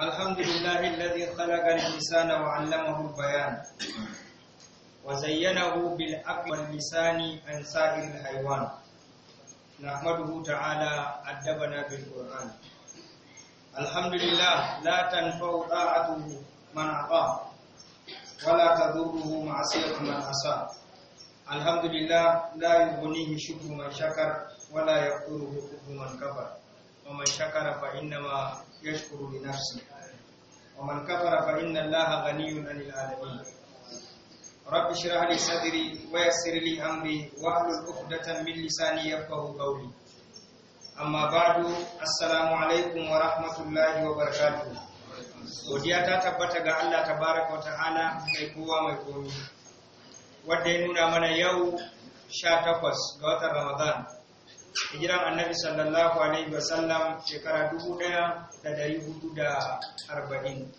الحمد لله الذي خلق الإنسان وعلمه البيان وزينه بالعقل واللسان عن سائر الحيوان نحمده تعالى أدبنا بالقرآن الحمد لله لا تنفع طاعته من أطاع ولا تضره معصية من أصاب الحمد لله لا يغنيه شكر من شكر ولا يقره كفر من كفر ومن شكر فإنما يشكر لنفسه ومن كفر فإن الله غني عن العالمين رب اشرح لي صدري ويسر لي أمري واحلل عقدة من لساني يفقه قولي أما بعد السلام عليكم ورحمة الله وبركاته barakatuh godiya ta tabbata ga Allah tabaraka wataala mai kowa mai komi wadda ya nuna mana yau 18 ga watan Ramadan hijiran annabi sallallahu alaihi wa sallam shekara dubu ɗaya da dari hudu da arba'in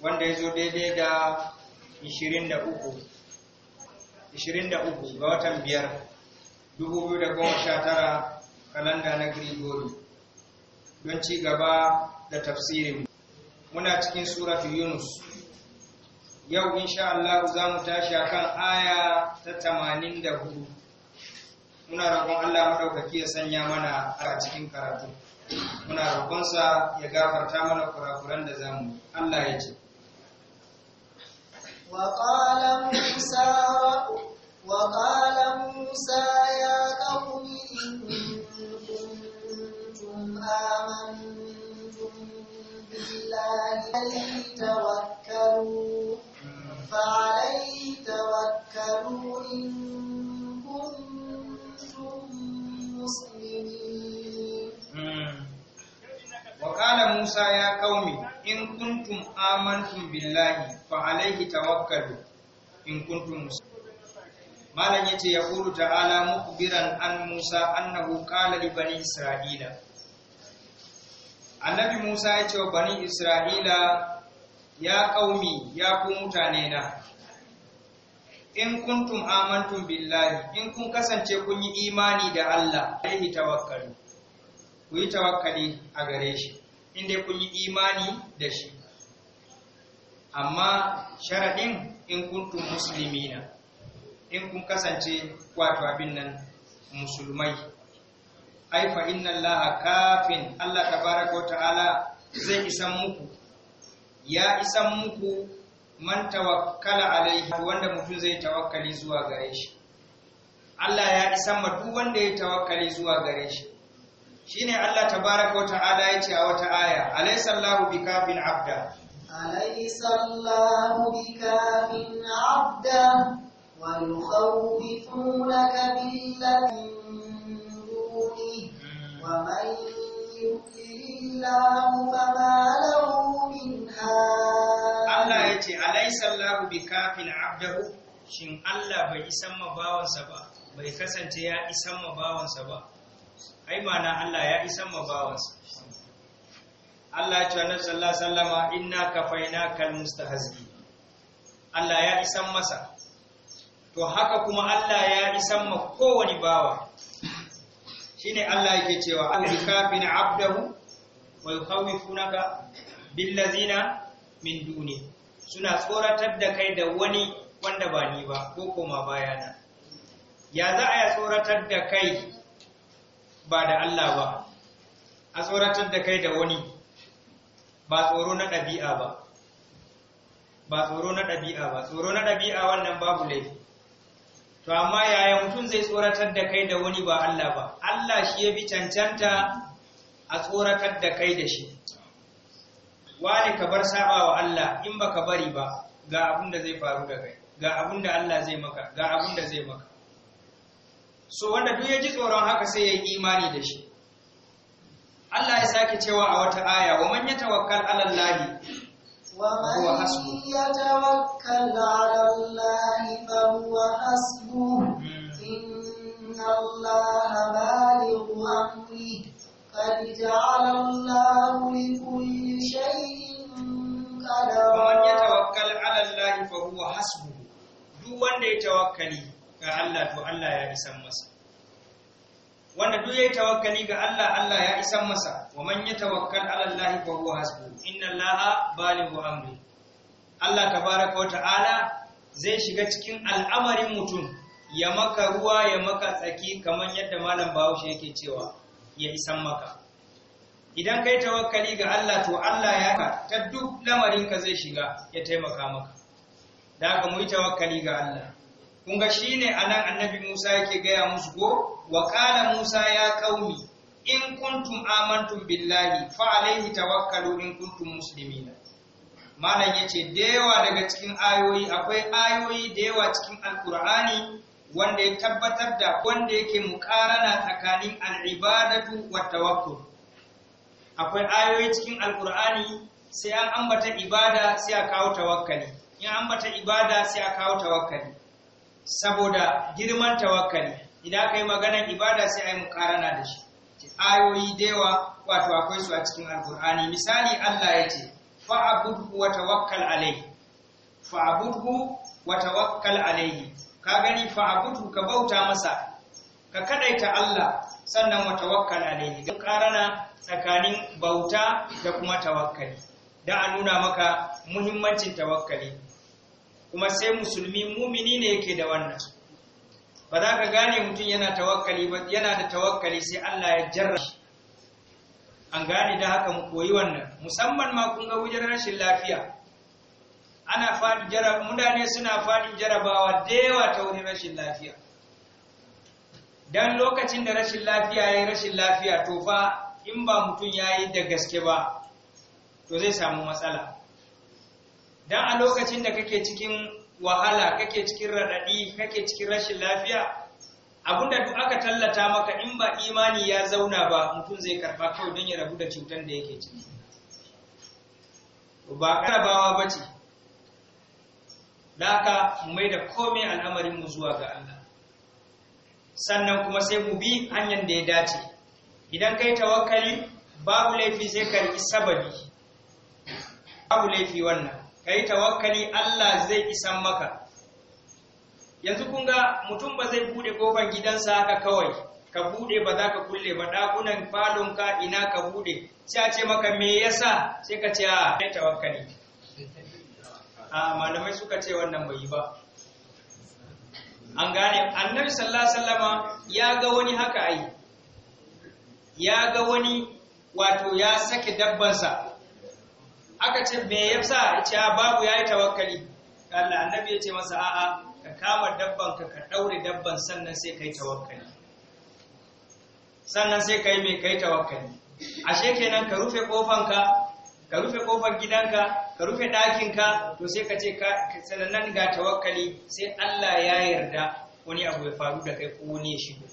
wanda ya zo daidai da ishirin da uku ishirin da uku ga watan biyar dubu biyu da goma sha tara kalanda na grigori don ci gaba da tafsirin muna cikin suratu yunus yau insha Allah za mu tashi akan aya ta tamanin da hudu muna roƙon Allah madaukaki ya sanya mana a cikin karatu muna roƙonsa ya gafarta mana kurakuran da zamu Allah ya ce وقال موسى وقال موسى يا قوم إن كنتم آمنتم بالله فليتوكلوا فعلى Musa ya kaumi in kuntum amantum billahi fa alayhi tawakkalu in kuntum Malam yace ya qulu ta'ala mukbiran an Musa annahu qala li bani Isra'ila Annabi Musa ya ce wa bani Isra'ila ya kaumi ya ku mutane na in kuntum amantum billahi in kun kasance kun yi imani da Allah alaihi tawakkalu ku yi tawakkali a gare shi inda kun yi imani da shi amma sharaɗin in kuntum na, in kun kasance wato abin nan musulmai ai fa inna allaha kafin allah tabaraka ta'ala zai isan muku ya isan muku man tawakkala alaihi wanda mutum zai tawakkali zuwa gare shi allah ya isan ma duk wanda ya tawakkali zuwa gare shi shine Allah tabaraka wa ta'ala yace a wata aya alaysa Allahu bikafin abda alaysa Allahu bikafin abda wa yukhawifunaka billahi duni wa man yudlilillahu fama lahu min Allah yace alaysa Allahu bikafin abdahu shin Allah bai isan mabawansa ba bai kasance ya isan mabawansa ba ai mana Allah ya isan ma Allah ya ce sallallahu alaihi wasallam inna kafainakal mustahzi Allah ya isan masa to haka kuma Allah ya isan ma kowani bawa shine Allah yake cewa al-kafin abdahu wa yukhawifunaka billazina min duni suna tsoratar da kai da wani wanda ba ni ba ko koma bayana ya za a ya tsoratar da kai ba da Allah ba a tsoratar da kai da wani ba tsoro na ɗabi'a ba ba tsoro na ɗabi'a ba tsoro na ɗabi'a wannan babu laifi to amma yaya mutum zai tsoratar da kai da wani ba Allah ba Allah shi ya bi cancanta a tsoratar da kai da shi wani ka bar saba wa Allah in ba ka bari ba ga abin da zai faru da kai ga abin da Allah zai maka ga abin da zai maka so wanda duk ya ji tsoron haka sai ya yi imani da shi Allah ya sake cewa a wata aya wa man tawakkal ala Allah wa huwa hasbu tawakkal ala Allah fa huwa hasbu hmm. inna Allah balighu amri qad ja'ala Allah li kulli shay'in qadara wa man tawakkal ala Allah fa huwa hasbu duk wanda ya tawakkali ga Allah to Allah ya isan masa wanda duk yayi tawakkali ga Allah Allah ya isa masa wa man yatawakkal ala Allah fa huwa hasbu inna Allaha balighu amri Allah tabaraka wa ta'ala zai shiga cikin al'amarin mutum ya maka ruwa ya maka tsaki kamar yadda malam Bahaushe yake cewa ya isan maka idan kai tawakkali ga Allah to Allah ya ka ta duk lamarin ka zai shiga ya taimaka maka da haka mu yi tawakkali ga Allah kun ga a nan annabi Musa yake gaya musu ko wa kala Musa ya kaumi in kuntum amantum billahi fa alaihi tawakkalu in kuntum muslimina malam yace da yawa daga cikin ayoyi akwai ayoyi da yawa cikin alqur'ani wanda ya tabbatar da wanda yake na tsakanin al'ibadatu wa tawakkul akwai ayoyi cikin alqur'ani sai an ambata ibada sai a kawo tawakkali in ambata ibada sai a kawo tawakkali saboda girman tawakkali idan ka yi maganar ibada sai a yi mukarana da shi ayoyi da yawa wato akwai su a cikin alkur'ani misali Allah ya ce fa'budhu wa tawakkal alayhi fa'budhu wa tawakkal alayhi ka gani fa'budhu ka bauta masa ka kadaita Allah sannan wa tawakkal alayhi don karana tsakanin bauta da kuma tawakkali da a nuna maka muhimmancin tawakkali kuma sai musulmi mumini ne yake da wannan ba za ka gane mutum yana tawakkali ba yana da tawakkali sai Allah ya jarra shi an gane da haka mu koyi wannan musamman ma kun ga wujar rashin lafiya ana fadi jarab mutane suna fadi jarabawa da yawa ta wurin rashin lafiya dan lokacin da rashin lafiya yayi rashin lafiya to fa in ba mutum yayi da gaske ba to zai samu matsala dan a lokacin da kake cikin wahala kake cikin radadi kake cikin rashin lafiya abinda duk aka tallata maka in ba imani ya zauna ba mutum zai karba kawai don ya rabu da cutar da yake ciki ba karabawa ba ce da aka mai da komai al'amarinmu zuwa ga Allah sannan kuma sai mu bi hanyar da ya dace idan kai tawakkali babu laifi sai ka yi sababi babu laifi wannan kai tawakkali Allah zai isan maka yanzu kun ga mutum ba zai bude kofar gidansa haka kawai ka bude ba za ka kulle ba Ɗakunan falonka ina ka bude sai a ce maka me yasa sai ka ce a kai tawakkali a malamai suka ce wannan bai yi ba an gane annabi sallallahu alaihi wasallama ya ga wani haka ai ya ga wani wato ya sake dabbansa aka ce me yasa ce ah, babu yayi tawakkali Allah annabi ya ce masa a'a ka kama dabban ka ka daure dabban sannan sai kai tawakkali sannan sai kai me kai tawakkali ashe kenan ka rufe kofanka ka rufe kofar gidanka ka rufe ɗakinka to sai ka ce ka sanannan ga tawakkali sai Allah ya yarda wani abu ya faru da kai ko wani ya shigo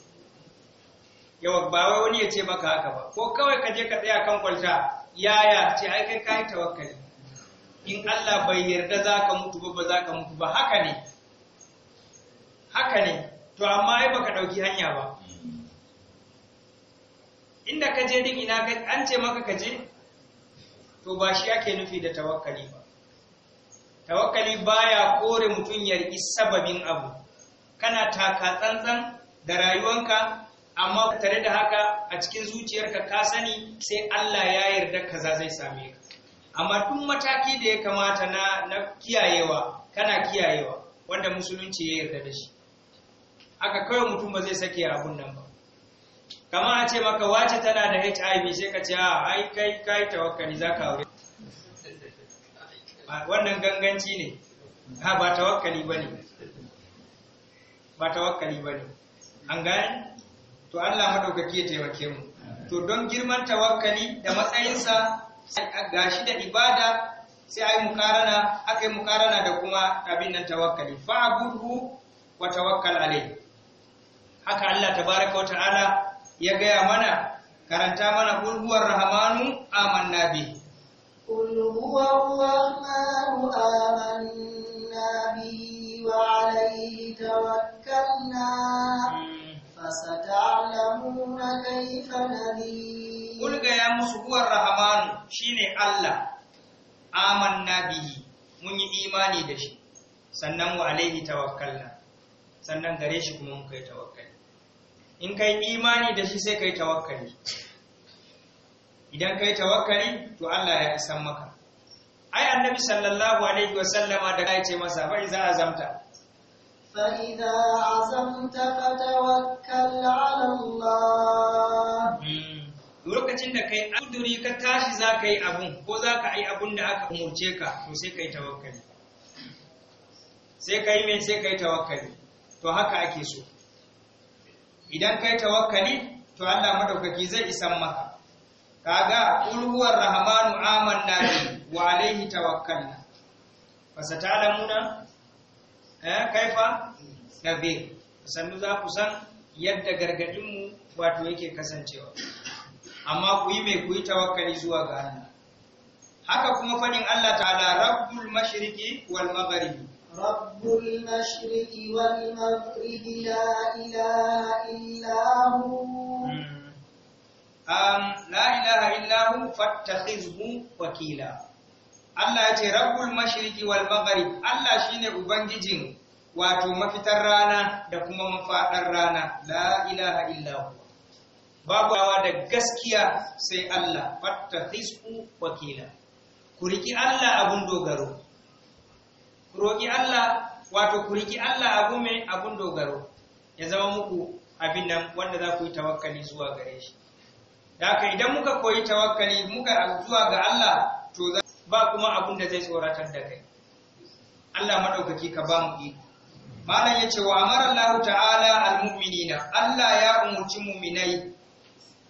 yawa ba wani ya ce maka haka ba ko kawai ka je ka tsaya kan kwalta yaya ce ai kai kai tawakkali in Allah bai yarda zaka mutu ba ba zaka mutu ba haka ne haka ne to amma ai baka dauki hanya ba inda ka je din ina an ce maka ka je to ba shi ake nufi da tawakkali ba tawakkali baya kore mutum yarki sababin abu kana taka tsantsan da rayuwanka amma tare da haka a cikin zuciyarka ka sani sai Allah ya yarda kaza zai same ka amma duk mataki da ya kamata na na kiyayewa kana kiyayewa wanda musulunci ya yarda da shi aka kawai mutum ba zai sake abun nan ba Kamar a ce maka wace tana da HIV sai ka ce a ah, ai kai kai tawakkali ka aure wannan ganganci ne ha ba tawakkali bane ba tawakkali bane an gane to Allah madaukaki ya taimake mu to don girman tawakkali da matsayinsa gashi da ibada sai ai mukarana akai mukarana da kuma abin nan tawakkali fa'budhu wa tawakkal alai haka Allah tabaaraka wa ta'ala ya gaya mana karanta mana qul huwar rahmanu amanna bi qul rahmanu amanna bi wa alayhi tawakkalna فستعلمون كيف نذير قل يا هو الرحمن شيني الله آمنا به mun yi imani da shi sannan mu alaihi tawakkalna sannan gare shi kuma mun kai tawakkali in kai imani da shi sai kai tawakkali idan kai tawakkali to Allah ya isan maka ai annabi sallallahu alaihi wa sallama da ya ce masa fa iza azamta فإذا عزمت فتوكل على الله lokacin da kai kuduri ka tashi za ka yi abun ko za ka yi abun da aka umurce ka to sai ka yi tawakkali sai ka yi mai sai ka yi tawakkali to haka ake so idan ka yi tawakkali to Allah madaukaki zai isan maka kaga kulhuwar rahmanu amanna bi wa alaihi tawakkalna fasatalamuna Eh, kaifa nabe sannu za ku san yadda gargadinmu wato yake kasancewa amma ku yi mai ku yi tawakkali zuwa ga Allah haka kuma fadin Allah ta'ala rabbul mashriqi wal maghribi rabbul mashriqi wal maghribi la ilaha illa hu hmm. am la ilaha illa hu fattakhizhu wakila Allah ya ce rabbul mashriqi wal maghrib Allah shine ubangijin wato mafitar rana da kuma mafadar rana la ilaha illa hu babu hawa da gaskiya sai Allah fattahisu wakila ku riki Allah abun dogaro ku roki Allah wato ku riki Allah abu mai abun dogaro ya zama muku abin nan wanda za ku yi tawakkali zuwa gare shi da haka idan muka koyi tawakkali muka zuwa ga Allah to za ba kuma abin da zai tsoratar da kai Allah madaukaki ka ba mu iko malam ce wa amara Allah ta'ala almu'minina Allah ya umurci mu'minai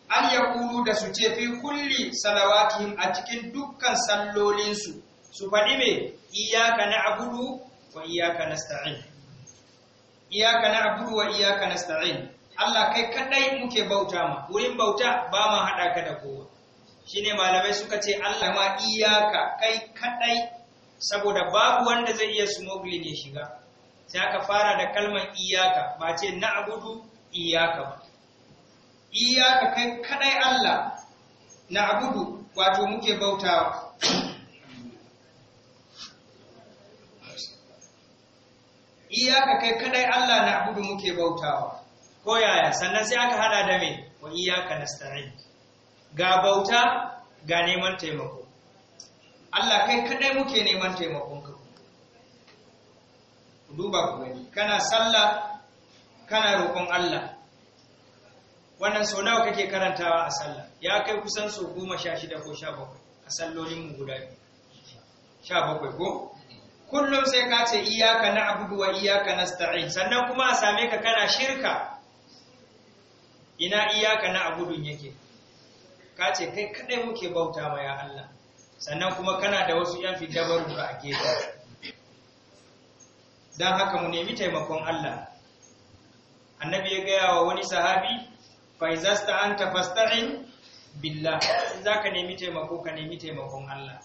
an ya yaqulu da su ce fi kulli salawatihim a cikin dukkan sallolinsu su faɗi me iyyaka na'budu wa iyyaka nasta'in iyyaka na'budu wa iyyaka nasta'in Allah kai kadai muke bauta ma wurin bauta ba ma hada ka da kowa ne malamai suka ce Allah ma iyaka kai kadai saboda babu wanda zai iya smuggling ya shiga sai aka fara da kalmar iyaka ba ce na abudu iyaka ba iyaka kai kadai Allah na abudu wato muke bautawa iyaka kai kadai Allah na abudu muke bautawa ko yaya sannan sai aka hada da me wa iyaka nasta'in ga bauta ga neman taimako Allah kai kadai muke neman taimakonka duba ku gani kana sallah kana roƙon Allah wannan sau nawa kake karantawa a sallah ya kai kusan sau goma sha shida ko sha bakwai a sallolinmu guda sha bakwai ko kullum sai ka ce iyaka na abudu wa iyaka na sta'in sannan kuma a same ka kana shirka ina iyaka na abudun yake ka ce kai kadai muke bauta ma ya Allah sannan kuma kana da wasu yan fitabaru a gefe dan haka mu nemi taimakon Allah annabi ya gaya wa wani sahabi fa izasta anta fasta'in billah zaka nemi taimako ka nemi taimakon Allah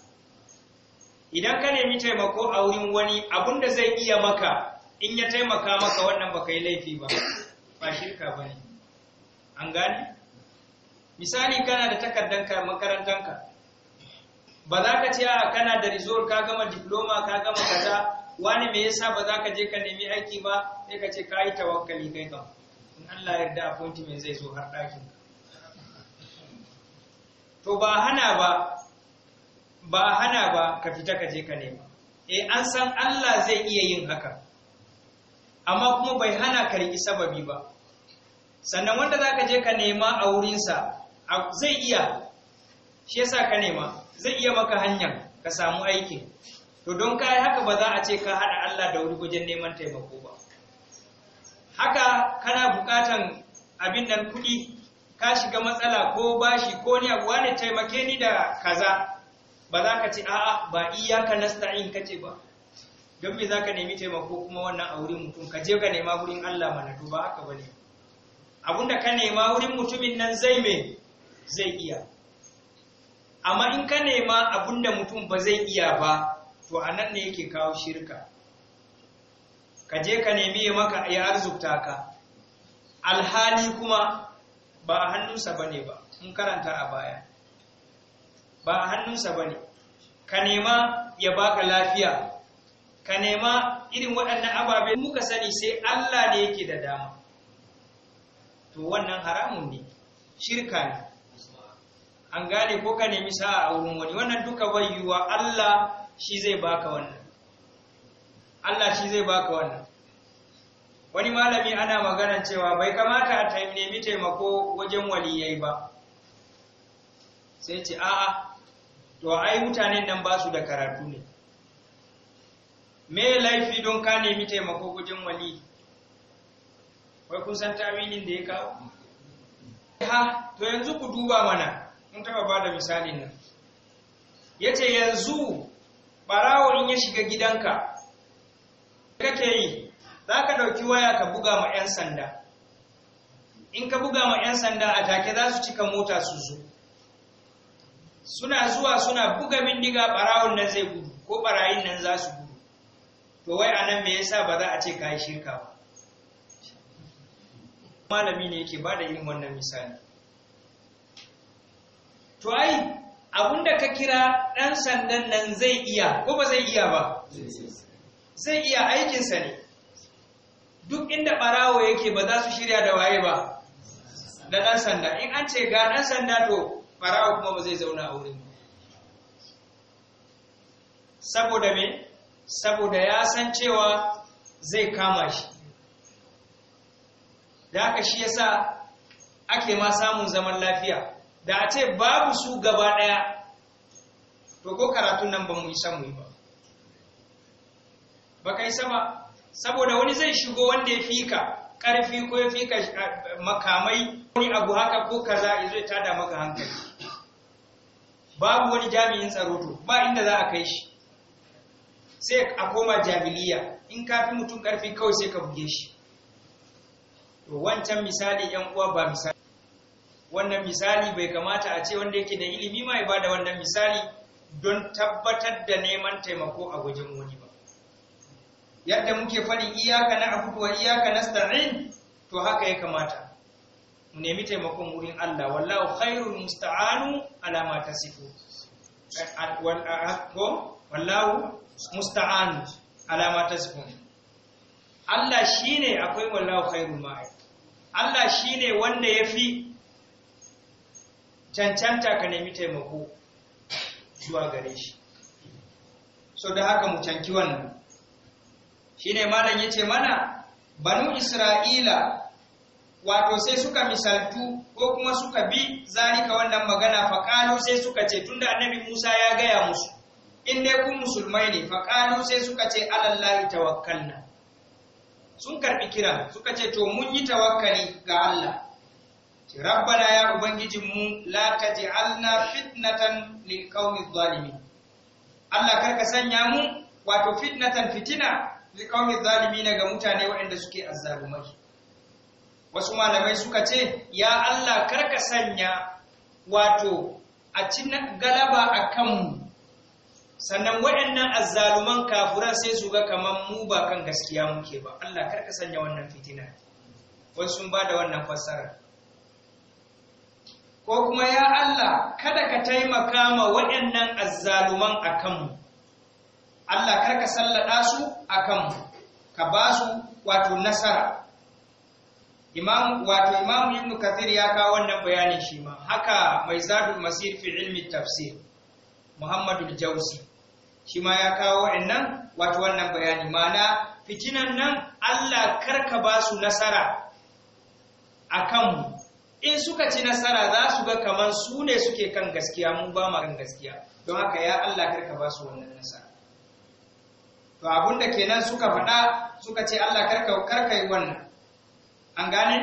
idan ka nemi taimako a wurin wani da zai iya maka in ya taimaka maka wannan baka yi laifi ba ba shirka bane an gani? misali kana da takardanka makarantanka ba za ka ce a kana da result ka gama diploma ka gama kaza wani me yasa ba za ka je ka nemi aiki ba sai ka ce ka yi tawakkali kai ka in Allah yarda appointment zai zo har ɗakin to ba hana ba ba hana ba ka fita ka je ka nema eh an san Allah zai iya yin haka amma kuma bai hana ka riƙi sababi ba sannan wanda za ka je ka nema a wurinsa zai iya shi yasa ka nema zai iya maka hanyar ka samu aiki. to don kai haka ba za a ce ka hada Allah da wuri wajen neman taimako ba haka kana bukatan abin nan kudi ka shiga matsala ko bashi ko ni abu wani taimake ni da kaza ba za ka ce a'a ba iya ka nasta'in kace ba don me za ka nemi taimako kuma wannan a wurin mutum ka je ka nema wurin Allah mana duba ba haka bane abunda ka nema wurin mutumin nan zai me zai iya amma in ka nema abin mutum ba zai iya ba to a nan ne yake kawo shirka ka je ka nemi maka ya arzuta ka alhali kuma ba a hannunsa ba ne ba in karanta a baya ba a hannunsa ba ne ka nema ya baka lafiya ka nema irin waɗannan ababe muka sani sai Allah ne yake da dama to wannan haramun ne shirka ne an gane ko ka nemi sa'a a wurin wani wannan duka bai yiwuwa Allah shi zai baka wannan Allah shi zai baka wannan wani malami ana magana cewa bai kamata a nemi taimako wajen waliyai ba sai ce a'a to ai mutanen nan ba su da karatu ne me laifi don ka nemi taimako wajen wali wai kun san tawilin da ya kawo ha to yanzu ku duba mana mun taba ba da misalin nan ya ce yanzu barawon ya shiga gidanka kake yi za ka ɗauki waya ka buga ma 'yan sanda in ka buga ma 'yan sanda a take za su cika mota su zo suna zuwa suna buga bindiga ɓarawon nan zai gudu ko ɓarayin nan za su gudu to wai a nan me yasa ba za a ce ka yi shirka ba malami ne yake bada da irin wannan misali to ai abinda ka kira ɗan sandan nan zai iya ko ba zai iya ba zai iya aikinsa ne duk inda ɓarawo yake ba za su shirya da waye ba da ɗan sanda in an ce ga ɗan sanda to ɓarawo kuma ba zai zauna a wurin saboda me saboda ya san cewa zai kama shi da haka shi yasa ake ma samun zaman lafiya da a ce babu su gaba ɗaya to ko karatun nan ba mu isa mu ba ba kai sama saboda wani zai shigo wanda ya fika ƙarfi ko ya fika eh, makamai wani abu haka ko kaza ya zai tada maka hankali babu wani jami'in tsaro to ba inda za a kai shi sai a koma jabiliya in ka fi mutum ƙarfi kawai sai ka buge shi wancan misali yan uwa ba misali wannan misali bai kamata a ce wanda yake da ilimi ma ya da wannan misali don tabbatar da neman taimako a wajen wani ba yadda muke faɗi iyaka na abubuwa, iyaka na sta'in to haka ya kamata mu nemi taimakon wurin Allah wallahu khairu musta'anu ala ma tasifu wallahu musta'anu ala ma tasifu Allah shine akwai wallahu khairu ma'a Allah shine wanda yafi cancanta ka nemi taimako zuwa gare shi so da haka mu canki wannan shine malam yace mana banu isra'ila wato sai suka misaltu ko kuma suka bi zalika wannan magana faƙalu sai suka ce tunda annabi Musa ya gaya musu in dai kun musulmai ne faƙalu sai suka ce alallahi tawakkalna sun karbi kira suka ce to mun yi tawakkali ga Allah rabbana ya ubangijinmu la alna fitnatan lil qaumi Allah karka sanya mu wato fitnatan fitina lil zalimi zalimin ga mutane waɗanda suke azzalumai wasu malamai suka ce ya Allah karka sanya wato a cin galaba a kanmu sannan waɗannan azzaluman kafuran sai su ga kamar mu ba kan gaskiya muke ba Allah kar sanya wannan fitina wai sun ba da wannan fassara ko kuma ya Allah kada ka taimaka ma waɗannan azzaluman a kanmu Allah karka sallaɗa su a kanmu ka ba su wato nasara imam wato imam ibn kathir ya kawo wannan bayanin shi ma haka mai zadul masir fi ilmi tafsir Muhammadu jausi shi ma ya kawo waɗannan wato wannan bayani ma'ana fitinan nan Allah karka ba su nasara a kanmu in suka ci nasara za su ga kamar su ne suke kan gaskiya mu ba mu kan gaskiya don haka ya Allah karka ba su wannan nasara to abun da kenan suka faɗa suka ce Allah karka karka yi wannan an gane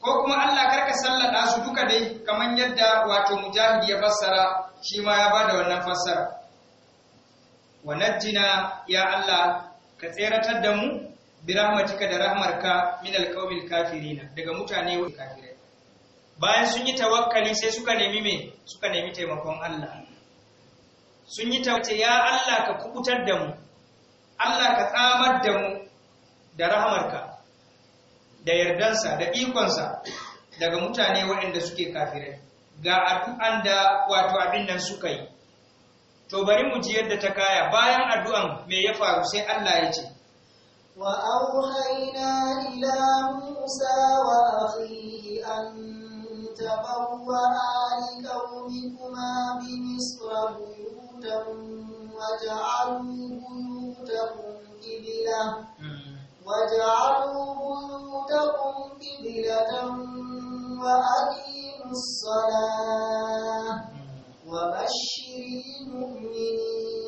ko kuma Allah karka sallada su duka dai kamar yadda wato mujahidi ya fassara shi ma ya bada wannan fassara wa najjina ya Allah ka tseratar da mu bi rahmatika da rahmarka min alqawmil kafirina daga mutane kafirai bayan sun yi tawakkali sai suka nemi me suka nemi taimakon Allah sun yi tawakkali ya Allah ka kubutar da mu Allah ka tsamar da mu da rahamarka da yardansa da ikonsa daga mutane waɗanda suke kafirai ga addu'an da wato abin nan suka yi to bari mu ji yadda ta kaya bayan addu'an me ya faru sai Allah ya ce wa ila musa wa akhihi an تبوأ لقومكما بمصر بيوتا وجعلوا بيوتهم قبلة وجعلوا بيوتكم قبلة وأقيموا الصلاة وبشر المؤمنين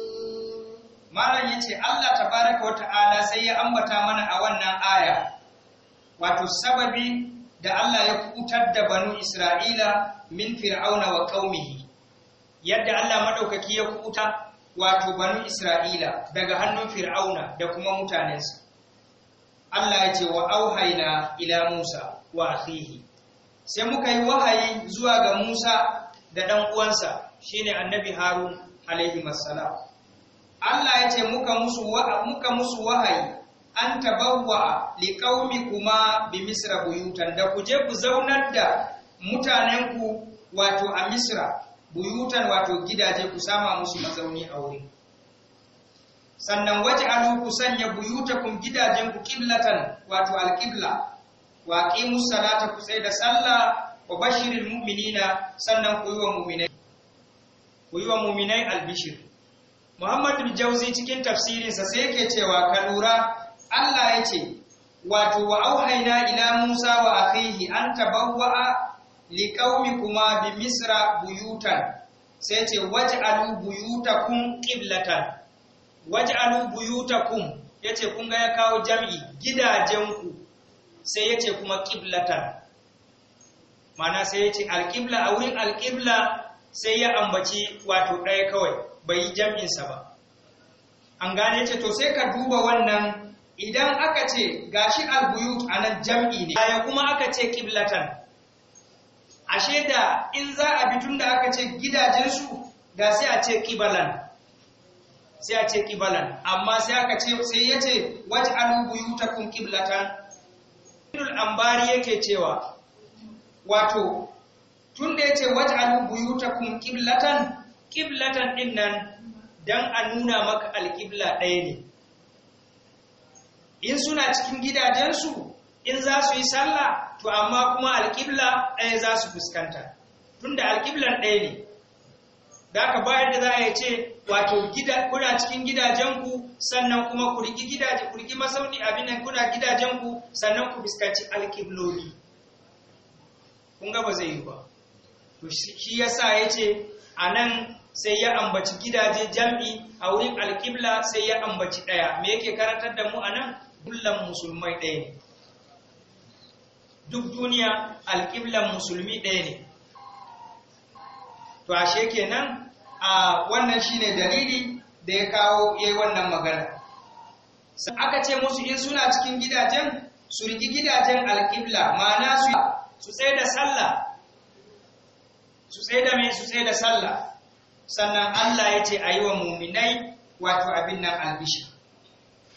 malam yace Allah tabaraka wa ta'ala sai ya ambata mana a wannan aya wato sababi da Allah ya kutar da banu Isra'ila min fir'auna wa qaumihi yadda Allah maɗaukaki ya kuta wato banu Isra'ila daga hannun fir'auna da kuma mutanensa Allah ya ce wa auhaina ila Musa wa akhihi sai muka yi wahayi zuwa ga Musa da ɗan'uwansa uwansa shine annabi Harun alaihi Allah ya ce muka musu wahayi an tabawwa likaumi kuma bi misra buyutan da ku je ku zaunar da mutanenku wato a misra buyutan wato gidaje ku sama musu mazauni a wurin sannan waje alu ku sanya buyutakum gidajen ku kiblatan wato alqibla wa aqimu salata ku sai da sallah wa bashiril mu'minina sannan ku yi wa mu'minai ku yi wa mu'minai albishir Muhammad bin Jauzi cikin tafsirinsa sai yake cewa ka lura Allah ya ce wato wa auhaina ila Musa wa akhihi an tabawwa kuma bi Misra buyutan sai ce waje buyuta kun qiblatan waje alu buyuta kun ya ce ga ya kawo jam'i gidajenku sai ya ce kuma qiblatan mana sai ya ce alƙibla a wurin alƙibla sai ya ambaci wato ɗaya kawai bai yi jam'insa ba an gane ce to sai ka duba wannan idan aka ce gashi albuyut a nan jam'i ne ya kuma aka ce kiblatan ashe da in za a bi tunda da aka ce gidajensu ga sai a ce kibalan sai a ce amma sai aka ce sai ya ce waje albuyutakum kiblatan ibnul ambari yake cewa wato tunda yace waj'alu buyutakum waje kiblatan kiblatan din nan dan a nuna maka alkibla ɗaya ne in suna cikin gidajensu in za su yi sallah to amma kuma alƙibla ɗaya za su fuskanta tun da alƙiblan ɗaya ne da ka bayar da za a ce wato kuna cikin gidajenku sannan kuma ku gidaje ku masauni abin nan kuna gidajenku sannan ku fuskanci alƙibloli kun ga ba zai yi ba to shi ya sa ya ce a nan sai ya ambaci gidaje jam'i a wurin alƙibla sai ya ambaci ɗaya me yake karantar da mu a nan kullum musulmai ɗaya ne duk duniya alƙiblan musulmi ɗaya ne to ashe kenan a wannan shine dalili da ya kawo ya yi wannan magana sai aka ce musu in suna cikin gidajen su rigi gidajen alƙibla ma'ana su su tsaye da sallah su tsaye da me su tsaye da sallah sannan Allah ya ce a yi wa muminai wato abin nan albishi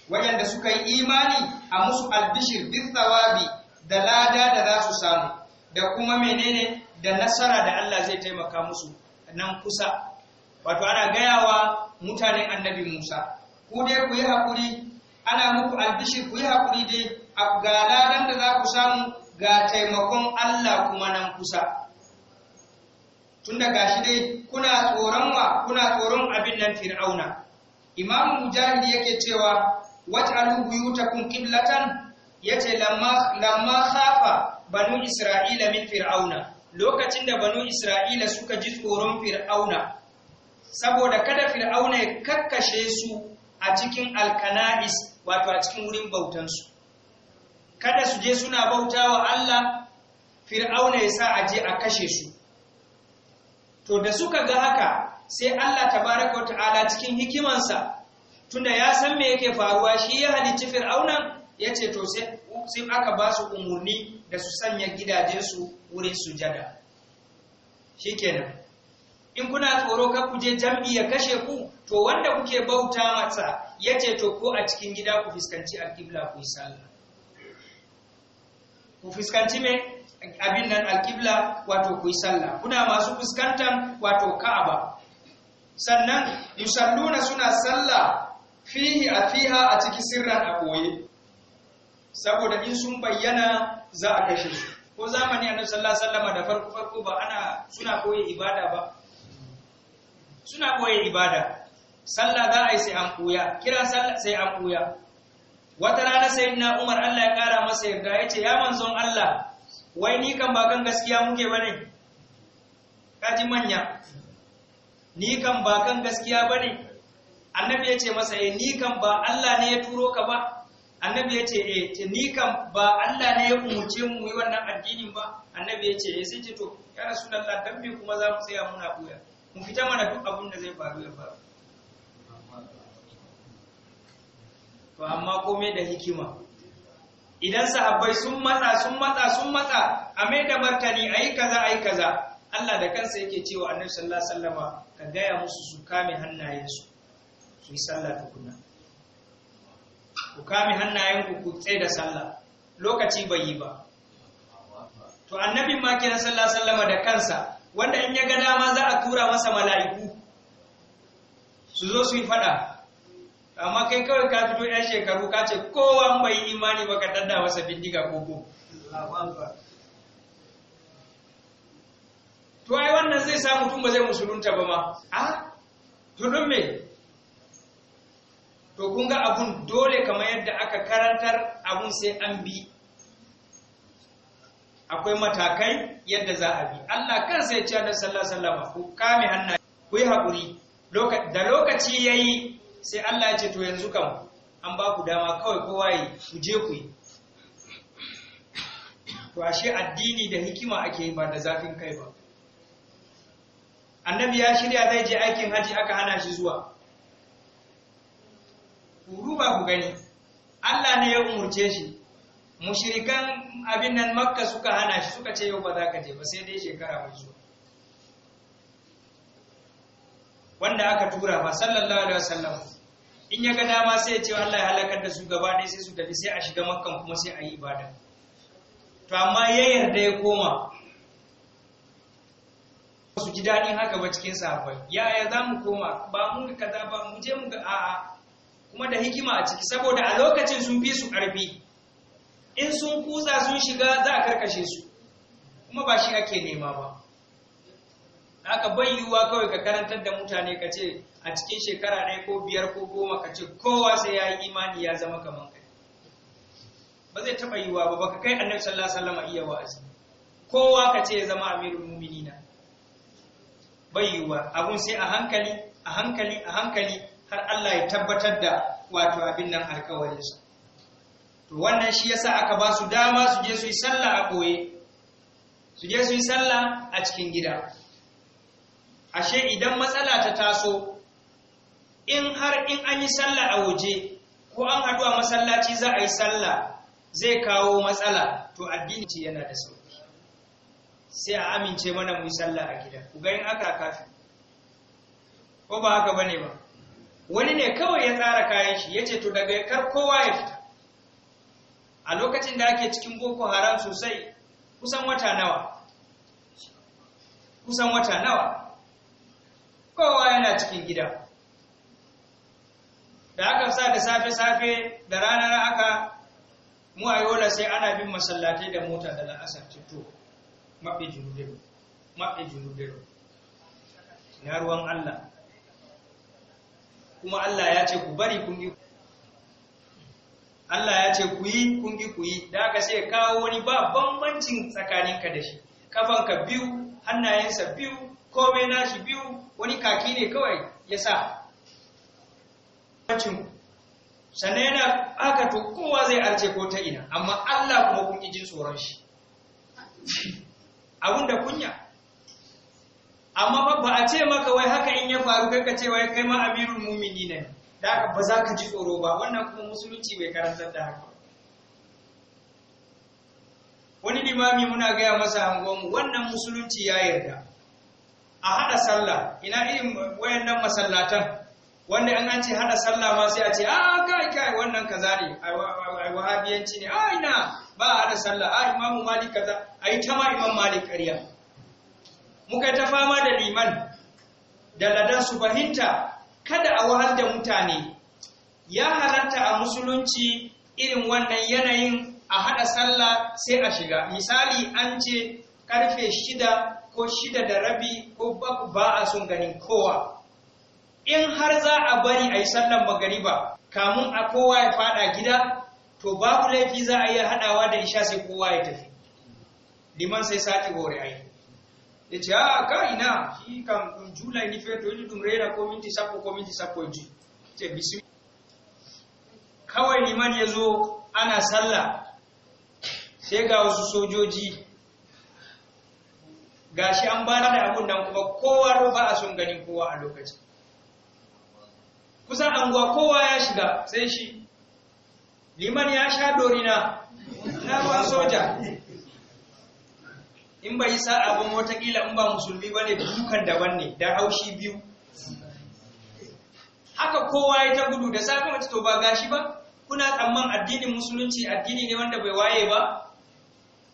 waɗanda suka yi imani a musu albishir din tsawabi da lada da za su samu da kuma menene da nasara da Allah zai taimaka musu nan kusa wato ana gayawa mutanen annabi Musa ku dai ku yi hakuri ana muku albishir ku yi hakuri dai ga ladan da za ku samu ga taimakon Allah kuma nan kusa tunda gashi dai kuna tsoron wa kuna tsoron abin nan fir'auna imam mujahid yake cewa waj'alu buyutakum qiblatan yace lamma lamma khafa banu isra'ila min fir'auna lokacin da banu isra'ila suka ji tsoron fir'auna saboda kada fir'auna ya kakkashe su a cikin alkana'is wato a cikin wurin bautansu kada su je suna bautawa Allah fir'auna ya sa a je a kashe su to da suka ga haka sai Allah tabaraka ta'ala cikin hikimansa tunda ya san me yake faruwa shi ya halicci fir'aunan ya ce to sai aka ba su umarni da su sanya gidaje su wuri sujada Shi shikenan in kuna tsoro ka kuje jam'i ya kashe ku to wanda kuke bauta masa ya ce to ko a cikin gida ku fuskanci alqibla ku yi sallah ku fuskanci me abin nan alqibla wato ku yi sallah kuna masu fuskantar wato ka'aba sannan yusalluna suna sallah fihi a fiha a ciki sirran a ɓoye saboda in sun bayyana za a kashe su ko zamani annabi sallallahu alaihi wasallam da farko farko ba ana suna koyi ibada ba suna koyi ibada sallah za a yi sai an koya kira sallah sai an koya wata rana na Umar Allah ya kara masa yarda yace ya manzon Allah wai ni kan ba kan gaskiya muke bane kaji manya ni kan ba kan gaskiya bane annabi ya ce masa eh ni kan ba Allah ne ya turo ka ba annabi ya ce eh ni kan ba Allah ne ya umuce mu yi wannan addinin ba annabi ya ce eh sai ce to ya rasulullah dan me kuma za mu tsaya muna buya mu fita mana duk abin da zai faru ya faru to amma komai da hikima idan sahabbai sun matsa sun matsa sun matsa a mai da martani ayi kaza ayi kaza Allah da kansa yake cewa annabi sallallahu alaihi wasallama ka gaya musu su kame hannayensu ku yi sallah tukuna ku kame hannayenku ku tsaye da sallah lokaci bai yi ba to annabin ma kenan sallallahu sallama da kansa wanda in ya ga dama za a tura masa mala'iku su zo su yi fada amma kai kawai ka fito yan shekaru ka ce kowa yi imani ba ka dadda masa bindiga koko to ai wannan zai sa mutum ba zai musulunta ba ma a ah, to don to kun ga abun dole kamar yadda aka karantar abun sai an bi akwai matakai yadda za a bi Allah kan sai ce da sallallahu alaihi wasallam ku kame hannaye ku yi hakuri da lokaci yayi sai Allah ya ce to yanzu kam an ba ku dama kawai kowa yi ku je ku yi to ashe addini da hikima ake yi ba da zafin kai ba annabi ya shirya zai je aikin haji aka hana shi zuwa kuru ba ku gani Allah ne ya umurce shi mushrikan abin nan makka suka hana shi suka ce yau ba za ka je ba sai dai shekara mai zuwa wanda aka tura ba sallallahu alaihi wasallam in ya ga dama sai ya ce Allah ya halakar da su gaba ɗaya sai su tafi sai a shiga makkan kuma sai a yi ibada to amma ya yarda ya koma su ji daɗin haka ba cikin sahabbai ya ya za mu koma ba mu kaza ba mu je mu ga a'a kuma da hikima a ciki saboda a lokacin sun fi su ƙarfi in sun kutsa sun shiga za a karkashe su kuma ba shi ake nema ba haka bai yiwuwa kawai ka karantar da mutane ka ce a cikin shekara ɗaya ko biyar ko goma ka ce kowa sai ya yi imani ya zama kamar kai ba zai taɓa yiwuwa ba baka kai annabi sallallahu alaihi wasallam iya wa'azi kowa ka ce ya zama amirul mu'minina bai yiwuwa abun sai a hankali a hankali a hankali har Allah ya tabbatar da wato abin nan alkawarinsa to wannan shi yasa aka ba su dama su je su yi sallah a ɓoye su je su yi sallah a cikin gida ashe idan matsala ta taso in har in an yi sallah a waje ko an haɗu a masallaci za a yi sallah zai kawo matsala to addini ce yana da sauki sai a amince mana mu yi sallah a gida ku ga in aka kafi ko ba haka bane ba wani ne kawai ya tsara kayan shi ya ce to daga kar kowa ya fita a lokacin da ake cikin boko haram sosai kusan wata nawa kusan wata nawa kowa yana cikin gida da aka sa da safe-safe da ranar aka mu a yola sai ana bin masallatai da mota da la'asar tito maɓe junubero ruwan allah kuma Allah ya ce ku bari kun yi Allah ya ce ku yi kun yi ku yi da aka sai kawo wani ba bambancin tsakaninka da shi kafan ka biyu hannayensa biyu komai nashi biyu wani kaki ne kawai ya sa sannan yana aka to kowa zai arce ko ta ina amma Allah kuma kun jin tsoron shi abinda kunya amma fa ba a ce maka wai haka in ya faru kai ka ce wai kai ma amirul mumini ne da haka ba za ka ji tsoro ba wannan kuma musulunci bai karantar da haka wani limami muna gaya masa hangon wannan musulunci ya yarda a hada sallah ina irin wayannan masallatan wanda an an ce hada sallah ma sai a ce a ah, kai kai wannan kaza ne ai wahabiyanci ne a ah, ina ba a hada sallah a ah, imamu malik kaza ai ta ma imam malik ƙarya muka ta fama da liman da ladan su fahimta kada a wahal da mutane ya halatta a musulunci irin wannan yanayin a haɗa sallah sai a shiga misali an ce karfe shida ko shida da rabi ko ba a sun ganin kowa in har za a bari a yi sallan ba, kamun a kowa ya fada gida to babu laifi za a iya haɗawa da isha sai kowa ya tafi liman sai sati hore ai ya ce ah, ka ina hi kam ɗum ni feere to yiɗi ɗum ko minti sapo ko minti sappo bisim kawai liman ya zo ana salla sai ga wasu sojoji gashi an bana da abun nan kuma kowa ba a son ganin kowa a lokaci kusan anguwa kowa ya shiga sai shi liman ya sha dorina na ba soja in bai sa'a ba watakila in ba musulmi ba ne dukan daban ne da haushi biyu haka kowa ya ta gudu da safe mace to ba gashi ba kuna tsamman addinin musulunci addini ne wanda bai waye ba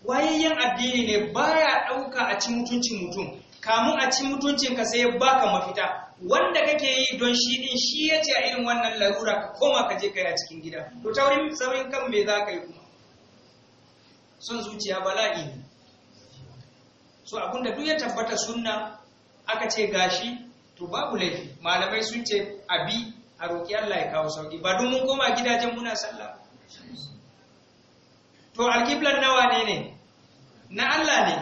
wayayyen addini ne ba ya ɗauka a ci mutuncin mutum kamun a ci mutuncin ka sai baka mafita wanda kake yi don shi din shi ya ce a irin wannan larura ka koma ka je kai a cikin gida to taurin saurin kan me za ka yi kuma son zuciya bala'i ne so abinda duk ya tabbata sunna aka ce gashi to babu laifi malamai sun ce abi a roƙi Allah ya kawo sauki ba don mun koma gidajen muna sallah to alkiblan nawa ne ne na Allah ne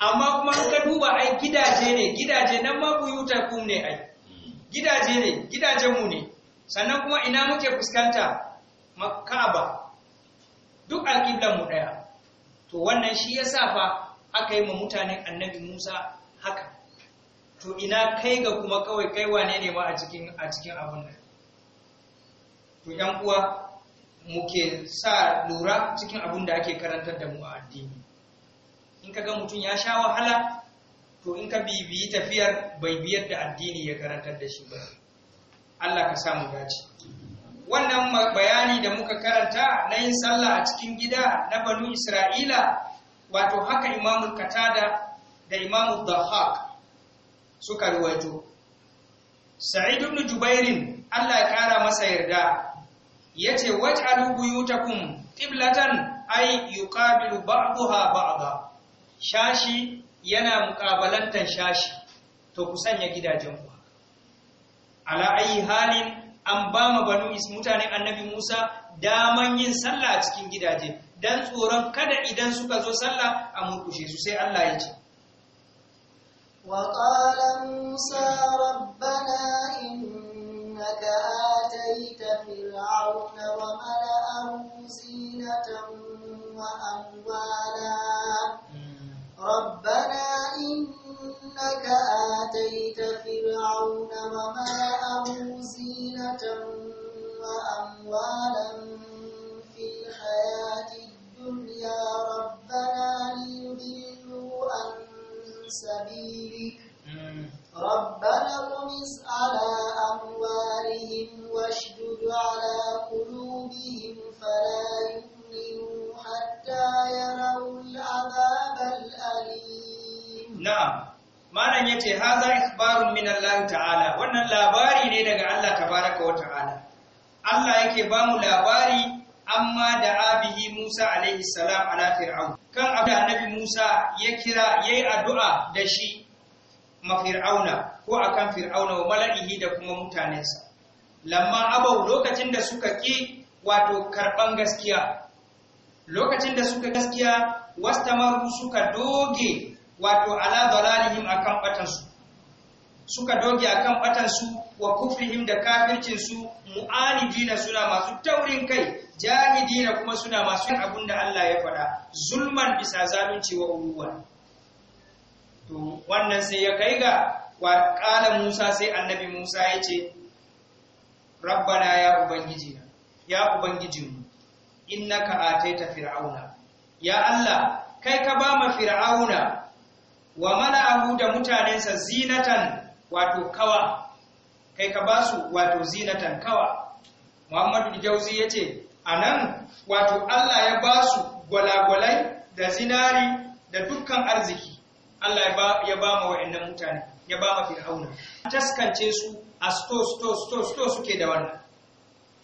amma kuma ka duba ai gidaje ne gidaje nan ma yuta ku ne ai gidaje ne gidajen mu ne sannan kuma ina muke fuskanta Ka'aba duk alƙiblan mu ɗaya to wannan shi ya sa fa aka yi ma mutanen annabi Musa haka to ina kai ga kuma kawai kai wane ne ma a cikin a cikin abun nan to yan uwa muke sa lura cikin abun da ake karantar da mu a addini in ka ga mutum ya sha wahala to in ka bibiyi tafiyar bai biyar da addini ya karantar da shi ba Allah ka sa mu dace wannan bayani da muka karanta na yin sallah a cikin gida na banu Isra'ila wato haka imamu katada da imamu dhahak suka ruwaito sa'id ibn jubairin Allah ya kara masa yarda yace waj'alu buyutakum qiblatan ay yuqabilu ba'daha ba'da shashi yana muqabalantan shashi to ku sanya gidajen ku ala ayi halin an ba ma banu mutanen annabi Musa daman yin sallah a cikin gidaje dan tsoron kada idan suka zo sallah a murkushe su sai Allah ya ce wa qala musa rabbana innaka ataita fir'auna wa mala'ahu zinatan wa wannan labari ne daga Allah tabaraka wa ta'ala Allah yake ba mu labari amma da abihi Musa alaihi salam ala fir'aun kan abin annabi Musa ya kira yayi addu'a da shi ma fir'auna ko akan fir'auna wa mala'ihi da kuma mutanensa lamma abau lokacin da suka ki wato karban gaskiya lokacin da suka gaskiya wasu wastamaru suka doge wato ala dalalihim akan batansu suka doge a kan batansu wa kufrihim da kafircinsu dina suna masu taurin kai jahidina kuma suna masu yin abin da Allah ya faɗa zulman bisa zalunci wa ubuwa to wannan sai ya kai ga wa ƙala Musa sai annabi Musa ya ce rabbana ya ubangijina ya ubangijinmu innaka ataita fir'auna ya Allah kai ka ba ma fir'auna wa mala'ahu da mutanensa zinatan wato kawa kai ka ba su wato zinatan kawa muhammadu jauzi ya ce a nan wato allah ya ba su gwalagwalai da zinari da dukkan arziki allah ya ba ma wa'annan mutane ya ba ma fir'auna taskance su a sto sto sto sto suke da wannan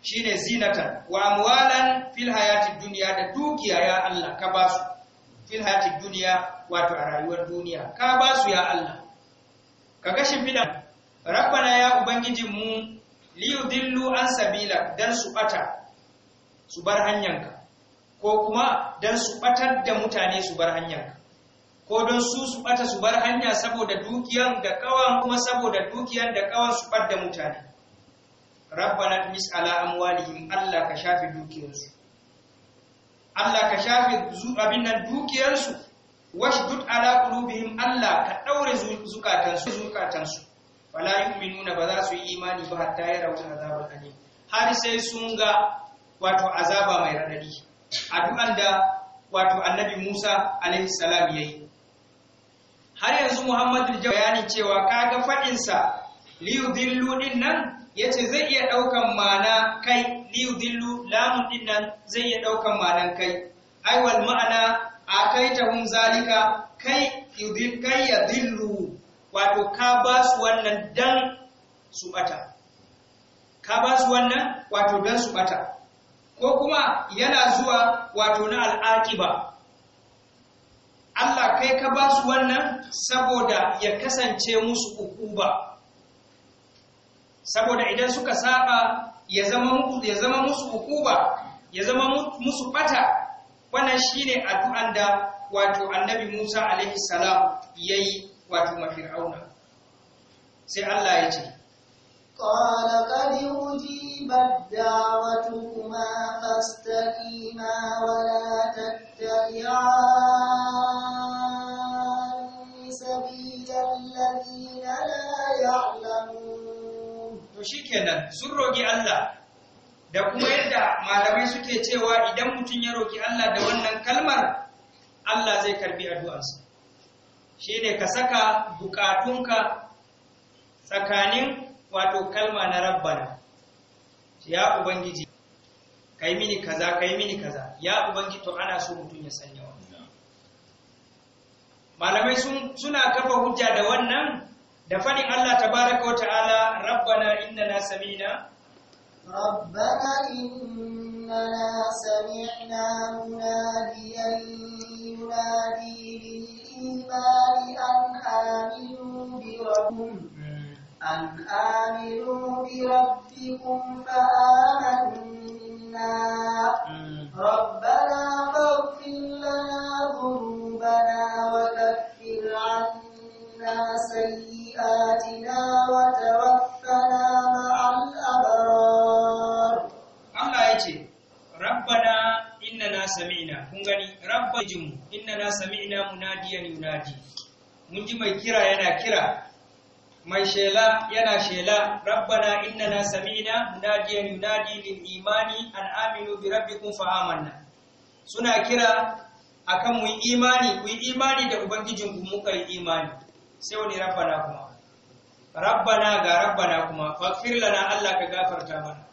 shine zinatan wa amwalan fil hayatid duniya da dukiya ya allah ka ba su fil hayatid duniya wato a rayuwar duniya ka ba su ya allah Ka kashe shimfiɗa rabbana ya ubangiji mu dillu an sabila dan su bata su bar hanyanka ko kuma dan su batar da mutane su bar hanyanka ko don su su bata su bar hanya saboda dukiyan da kawan kuma saboda dukiyan da kawan su bar da mutane rabbana tumis ala amwalihim Allah ka shafi dukiyarsu Allah ka shafi abin nan dukiyarsu washdud ala qulubihim Allah ka daure zukatan su wala yu'minuna ba za su yi imani ba hatta rawu azabul alim har sai sun ga wato azaba mai radadi addu'an da wato annabi Musa alaihi salam yayi har yanzu Muhammadu da bayani cewa kaga fadin sa liyudillu din nan yace zai iya daukan mana kai liyudillu lamun din zai iya daukan mana kai aiwal ma'ana a kai hun zalika kai kai ya dillu wato ka ba su wannan dan su bata ka ba su wannan wato dan su bata ko kuma yana zuwa wato na al'aqiba Allah kai ka ba su wannan saboda ya kasance musu ukuba saboda idan suka saba ya zama musu ukuba ya zama musu bata wannan shine addu'an da wato annabi Musa alaihi salam yayi wato mafir'auna sai Allah ya ce قال قد أجيبت دعوتكما فاستقيما ولا تتبعا سبيل الذين لا يعلمون to shikenan sun roki Allah da kuma yadda malamai suke cewa idan mutum ya roki Allah da wannan kalmar Allah zai karbi addu'arsa ne ka saka bukatunka tsakanin wato kalma na rabbana ya ubangiji kai mini kaza kai mini kaza ya ubangiji to ana so mutum ya sanya wannan malamai suna kafa hujja da wannan da fadin Allah tabaraka wa ta'ala rabbana innana sami'na ربنا إننا سمعنا مناديا ينادي للإيمان أن آمنوا بربكم أن آمنوا بربكم فآمنا ربنا فاغفر لنا ذنوبنا وكفر عنا سيئاتنا وتوفنا مع الأبرار rabbana innana sami'na kun gani rabba jimu innana sami'na munadiyan yunadi mun ji mai kira yana kira mai shela yana shela rabbana innana sami'na munadiyan yunadi lil imani an aminu bi rabbikum fa amanna suna kira akan mu imani ku imani da ku muka yi imani sai wani rabbana kuma rabbana ga rabbana kuma faghfir lana Allah ka gafarta mana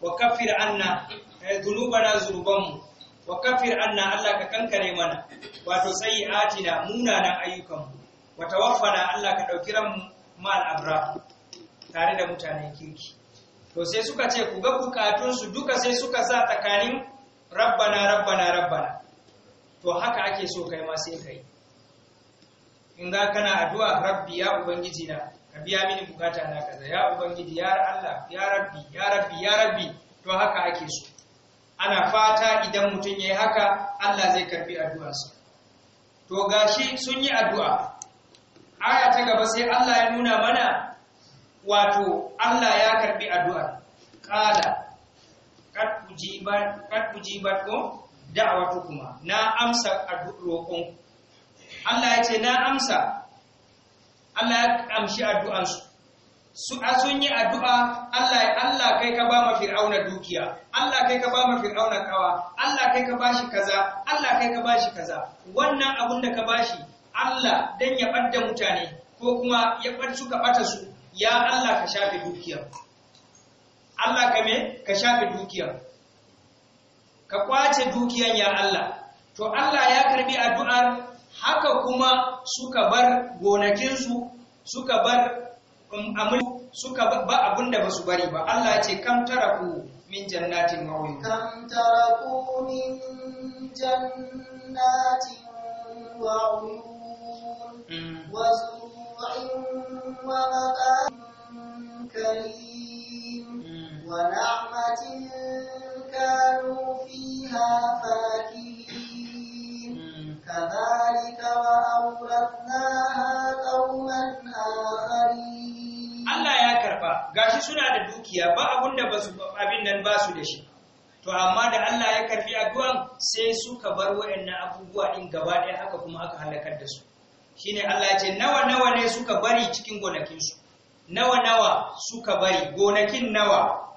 wa kaffir anna Eh, dhunubana zunubanmu wa kafir anna Allah ka kankare mana wato sayyi'atina munanan ayyukanmu wa tawaffana Allah ka dauki ranmu mal abra tare da mutanen kirki to sai suka ce ku ga bukatunsu duka sai suka sa tsakanin rabbana rabbana rabbana to haka ake so kai ma sai kai in za kana addu'a rabbi ya ubangiji na ka biya mini bukata na kaza ya ubangiji ya Allah ya rabbi ya rabbi ya rabbi to haka ake so ana fata idan mutum ya yi haka Allah zai karfi addu'arsa to gashi sun yi addu'a aya ta gaba sai Allah ya nuna mana wato Allah ya karbi addu'ar qala kad ji kad ujibat ko kuma na amsa roƙonku. Allah ya ce na amsa Allah ya amshi addu'ansu su sun yi addu'a Allah Allah kai ka ba ma fir'auna dukiya Allah kai ka ba ma fir'auna kawa Allah kai ka bashi kaza Allah kai ka bashi kaza wannan abun da ka bashi Allah dan ya ɓadda mutane ko kuma ya bar suka bata su ya Allah ka shafe dukiya Allah ka me ka shafe dukiya ka kwace dukiyan ya Allah to Allah ya karbi addu'ar haka kuma suka bar gonakinsu suka bar amul suka ba abun da basu bari ba Allah ya ce kam taraku min jannatin wa uyun kam taraku min jannatin hmm. wa uyun wa zu'in wa karim hmm. wa na'matin kanu fiha fakihin hmm. kadhalika wa awratnaha qauman akharin Allah ya karba gashi suna da dukiya ba abun da basu abin nan basu da shi to amma da Allah ya karbi addu'an sai suka bar waɗannan abubuwa din gaba ɗaya haka kuma aka halakar da su shine Allah ya ce nawa nawa ne suka bari cikin gonakin su nawa nawa suka bari gonakin nawa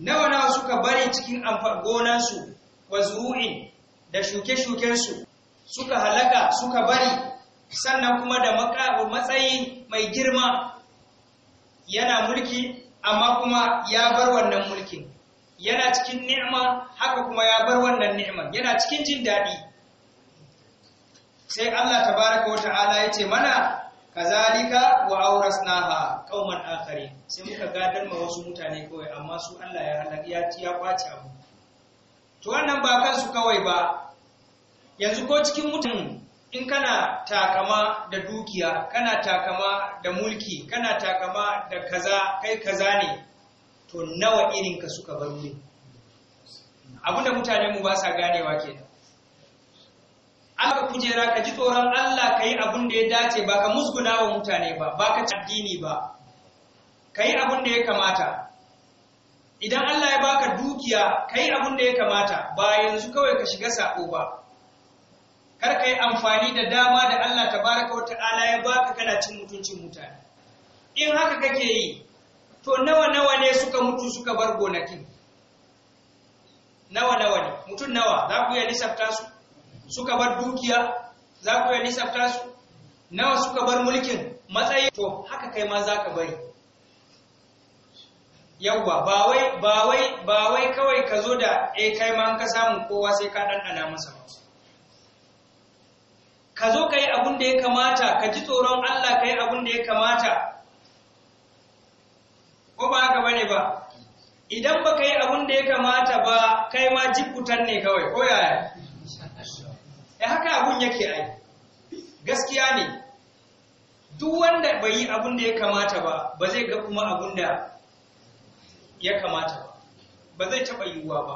nawa nawa suka bari cikin gonan su wa da shuke-shuken su suka halaka suka bari sannan kuma da matsayi mai girma yana mulki amma kuma ya bar wannan mulkin yana cikin ni'ima haka kuma ya bar wannan ni'ima yana cikin jin daɗi sai Allah tabaraka wata'ala ya ce mana kazalika wa aurasnaha qauman akhari sai muka gadar ma wasu mutane kawai amma su Allah ya halaka ya ci kwace abu to wannan ba kansu kawai ba yanzu ko cikin mutum in kana takama da dukiya kana takama da mulki kana takama da kaza kai kaza ne to nawa irin ka suka bar wurin abinda mutane mu ba sa ganewa kenan Allah kujera ka ji tsoron Allah ka yi abin da ya dace ba ka musguna wa mutane ba ba ka addini ba ka yi abin da ya kamata idan Allah ya baka dukiya ka yi abin da ya kamata ba yanzu kawai ka shiga sako ba kar ka yi amfani da dama da Allah tabaraka wa ta'ala ya ba ka kana cin mutuncin mutane in haka kake yi to nawa nawa ne suka mutu suka bar gonakin nawa nawa ne mutum nawa za ku iya lissafta su suka bar dukiya za ku iya lissafta su nawa suka bar mulkin matsayi to haka kai ma za ka bari yawwa ba wai ba wai ba wai kawai ka zo da eh kai ma an ka samu kowa sai ka ɗanɗana masa ba ka zo ka yi abin da ya kamata ka ji tsoron Allah ka yi abin da ya kamata ko ba haka bane ba idan ba ka yi abin da ya kamata ba kai ma jikutan ne kawai ko yaya ya eh, haka abun yake ai gaskiya ne duk wanda bai yi abin da ya kamata ba ba zai ga kuma abin da ya kamata ba ba zai taɓa yiwuwa ba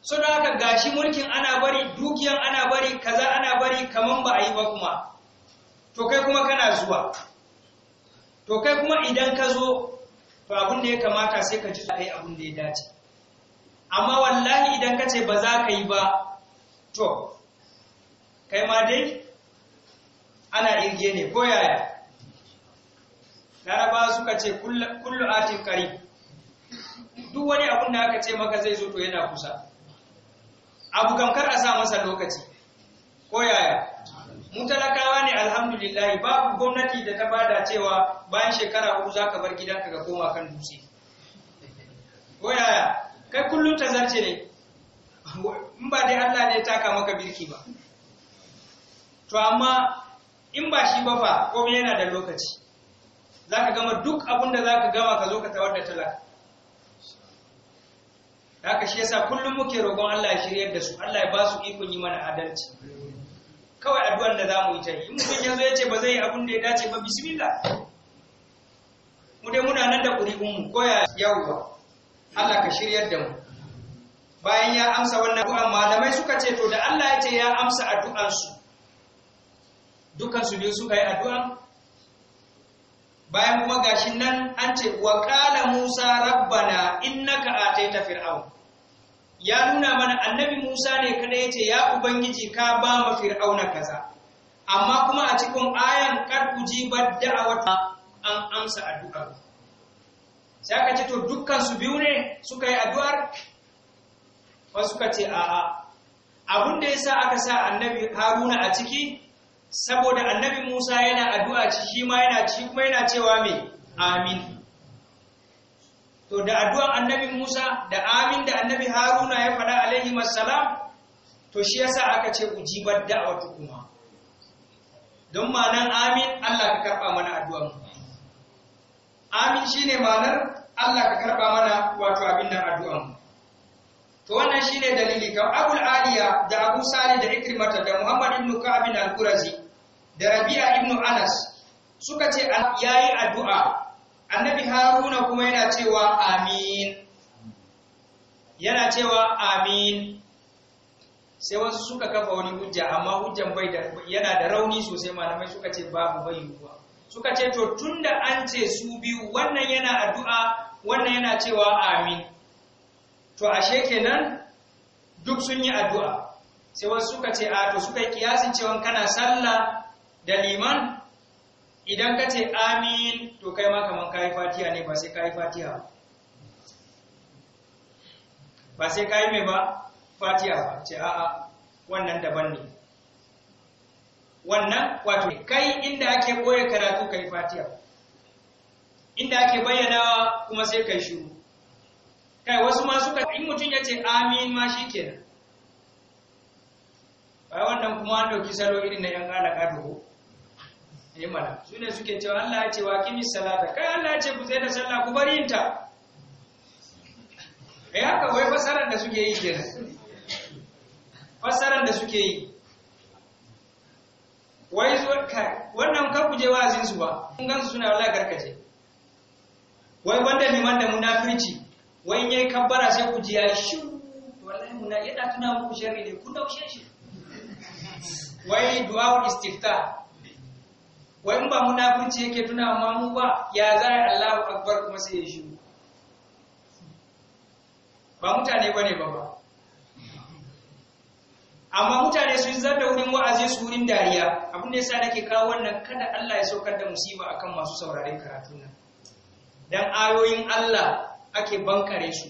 so da haka gashi mulkin ana bari dukiyan ana bari kaza ana bari kaman ba a yi ba kuma to kai kuma kana zuwa to kai kuma idan ka zo to abin da ya kamata sai ka ji za yi abin da ya dace amma wallahi idan ka ce ba za ka yi ba to kai ma dai ana irge ne ko yaya laraba suka ce kullu atin kari duk wani abin da aka ce maka zai zo to yana kusa abu kar a sa masa lokaci ko yaya mu talakawa ne alhamdulillahi babu gwamnati da ta bada cewa bayan shekara uku za ka bar gidanka ka koma kan dutse ko yaya kai kullum ta zarce ne in ba dai Allah ne taka maka birki ba to amma in ba shi ba fa komai yana da lokaci zaka gama duk abin da zaka gama ka zo ka tawar da talaka haka shi yasa kullum muke roƙon Allah ya shiryar da su Allah ya ba su ikon yi mana adalci kawai addu'ar da zamu yi ta yi san yanzu ya ba zai yi abin da ya dace ba bismillah mu dai muna nan da ƙuri'un mu koya yawwa Allah ka shiryar da mu bayan ya amsa wannan addu'a malamai suka ce to da Allah ya ce ya amsa addu'ansu dukansu ne suka yi addu'a bayan kuma gashin nan an ce wa qala musa rabbana innaka ataita fir'aun ya nuna mana annabi musa ne kada yace ya ubangiji ka ba ma fir'auna kaza amma kuma a cikin ayan kar ujibat da'awata an amsa addu'a sai aka ce to dukkan su biyu ne suka yi addu'ar wasu kace ce a'a abin da yasa aka sa annabi haruna a ciki saboda annabi Musa yana addu'a ci shi ma yana ci kuma yana cewa me amin to da addu'an annabi Musa da amin da annabi Haruna ya faɗa alaihi wassalam to shi yasa aka ce ujibar da'watu kuma don ma'anar amin Allah ka karɓa mana addu'an amin shine ma'anar Allah ka karɓa mana wato abin nan addu'an mu to wannan shine dalili kam abul aliya da abu sali da ikrimata da muhammad ibn ka'ab bin al-qurazi da rabi'a ibn anas suka ce yayi addu'a annabi haruna kuma yana cewa amin yana cewa amin sai wasu suka kafa wani hujja amma hujjan bai da yana da rauni sosai malamai suka ce babu bai yiwuwa suka ce to tunda an ce su biyu wannan yana addu'a wannan yana cewa amin to ashe kenan duk sun yi addu'a sai wasu suka ce a to suka yi kiyasin cewa kana sallah da liman idan ka ce amin to kai ma kaman kayi fatiha ne ba sai kayi fatiha ba sai kayi mai ba fatiha ba ce a'a wannan daban ne wannan wato kai inda ake koya karatu kai fatiha inda ake bayyana kuma sai kai shiru kai wasu ma suka in mutum ya ce amin ma shi kenan ba wannan kuma an ɗauki salo irin na ‘yan alaƙa da ko eh, mana su ne suke cewa Allah ya ce wa kimi salata kai Allah ya ce ku zai da sallah ku bari ta eh haka wai fasaran da suke yi kenan fasaran da suke yi wai zo kai wannan kan ku je wa'azin su ba kun gan su suna wallahi garkaje wai banda liman da munafirci wai yayi kabbara sai ku ji ya shi wallahi muna da tuna muku sharri ne kun daushe shi wai du'a istifta wai in ba munafurci yake tuna amma mu ba ya zai Allahu akbar kuma sai ya shiru ba mutane bane ba ba amma mutane su yi zarda wurin wa'azi su wurin dariya abin da yasa nake kawo wannan kada Allah ya saukar da musiba akan masu sauraren karatu nan dan ayoyin Allah ake bankare su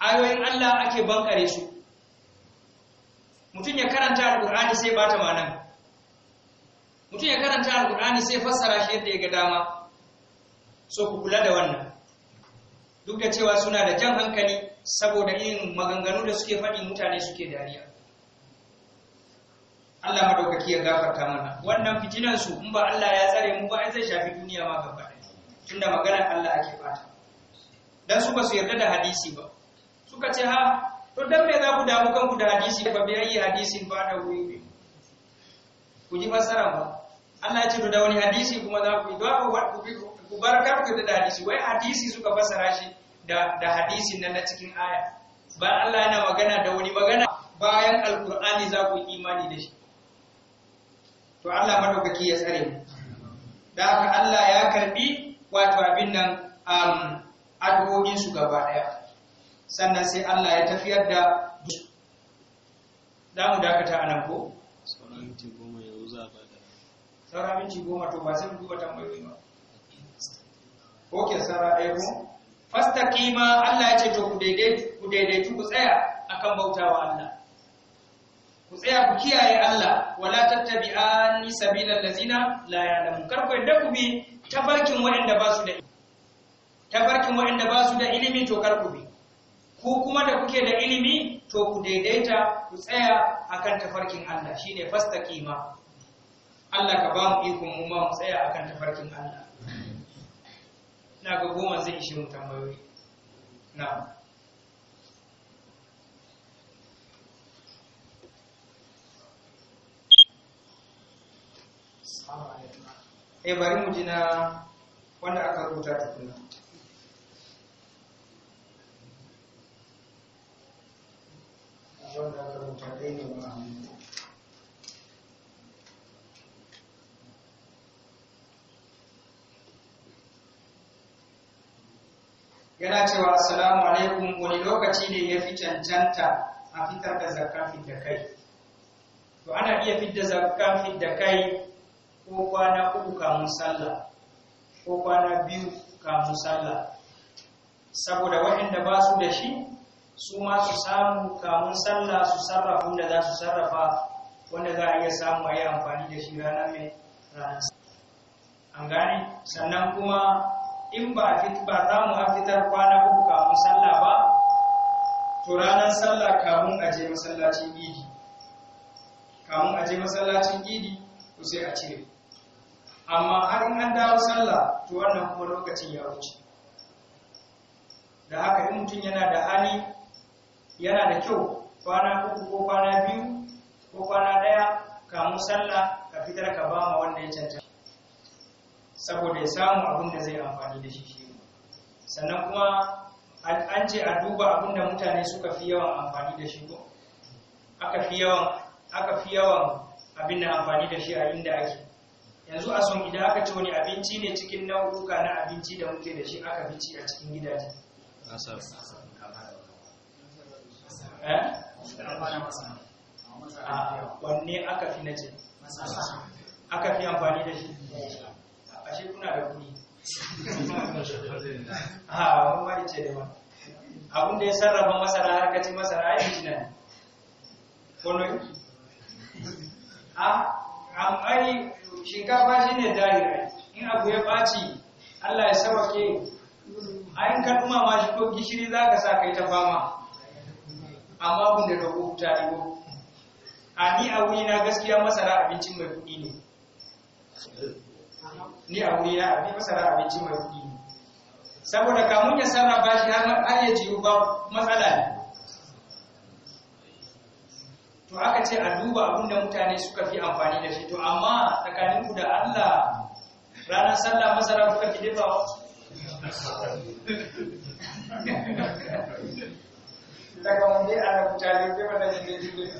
ayoyin Allah ake bankare su mutum ya karanta alkur'ani sai bata nan, mutum ya karanta alkur'ani sai fassara shi yadda ya ga dama so ku kula da wannan duk da cewa suna da jan hankali saboda yin maganganu da suke faɗi mutane suke dariya Allah madaukaki ya gafarta mana wannan fitinan su in ba Allah ya tsare mu ba ai zai shafi duniya ma gaba tunda maganar Allah ake fata dan su ba su yarda da hadisi ba suka ce ha to dan me za ku damu kanku da hadisi ba bai yi hadisin ba da wuri ku ji fassara ba Allah ya ce to da wani hadisi kuma za ku yi ku barkar ku da hadisi wai hadisi suka fasara shi da da hadisin nan na cikin aya ba Allah yana magana da wani magana bayan alqur'ani za ku imani da shi to Allah madaukaki ya tsare mu da haka Allah ya karbi wato abin nan um, addu'o'insu gaba ɗaya sannan sai Allah ya tafiyar da mu dakata a nan ko? sauran minti goma yau za ba da sauran minti goma to ba sai mu duba tambayoyi ba ok sara ɗaya ko? fasta kima Allah ya ce to ku daidaitu ku tsaya akan bautawa Allah ku tsaya ku kiyaye Allah wala tattabi'ani sabilal lazina la ya'lamun kar ku yadda ku bi tafarkin waɗanda ba su da tafarkin waɗanda ba su da ilimi to karku ku bi ku kuma da kuke da ilimi to ku daidaita ku tsaya akan tafarkin Allah shine fastaqima Allah ka ba mu ikon mu ma mu tsaya akan tafarkin Allah na ga goma zai ishe mu tambayoyi na Assalamu alaikum. eh bari mu jina wanda aka rubuta tukuna wanda aka rubuta dai ne ba yana cewa assalamu alaikum wani lokaci ne ya fi cancanta a fitar da zakafin da kai to ana iya da zakafin da kai ko kwana uku kamun sallah ko kwana biyu kamun sallah saboda waɗanda ba su da shi su ma su samu kamun sallah su sarrafa wanda za su sarrafa wanda za a iya samu a yi amfani da shi ranar mai ranar an gane sannan kuma in ba ba za mu fitar kwana uku kamun sallah ba to ranar sallah kamun a je masallacin idi kamun masallacin idi ku sai a cire amma har in an dawo sallah to wannan kuma lokacin ya wuce da haka in mutum yana da hali yana da kyau kwana uku ko kwana biyu ko kwana ɗaya kamun sallah ka fitar ka ba ma wanda ya cancanta saboda ya samu abin da zai amfani da shi shi sannan kuma an ce a duba abin da mutane suka fi yawan amfani da shi ko aka fi yawan abin da amfani da shi a inda ake yanzu a son idan aka ce wani abinci ne cikin nau'uka na abinci da muke da shi aka fi ci a cikin gidaje eh? ah, wanne aka fi na ce aka fi amfani da shi a shi kuna da kuni a wani ce da ba abin da ya sarrafa masara harkacin masara ya fi na ne a ah, amfani shinkafa shi ne dari in abu ya ɓaci Allah ya sauke a yin ka ma shi ko gishiri za ka sa kai ta fama amma abin da rago ta ɗigo a ni a wuri na gaskiya masara abincin mai kuɗi ne ni a wuri na abin masara abincin mai kuɗi ne saboda kamun ya sarrafa shi har ya jiyu ba matsala ne to aka ce a duba abin da mutane suka fi amfani da shi to amma tsakaninku da Allah ranar sallah masara kuka fi dafa daga wanda ana mutane ke ba da jide jide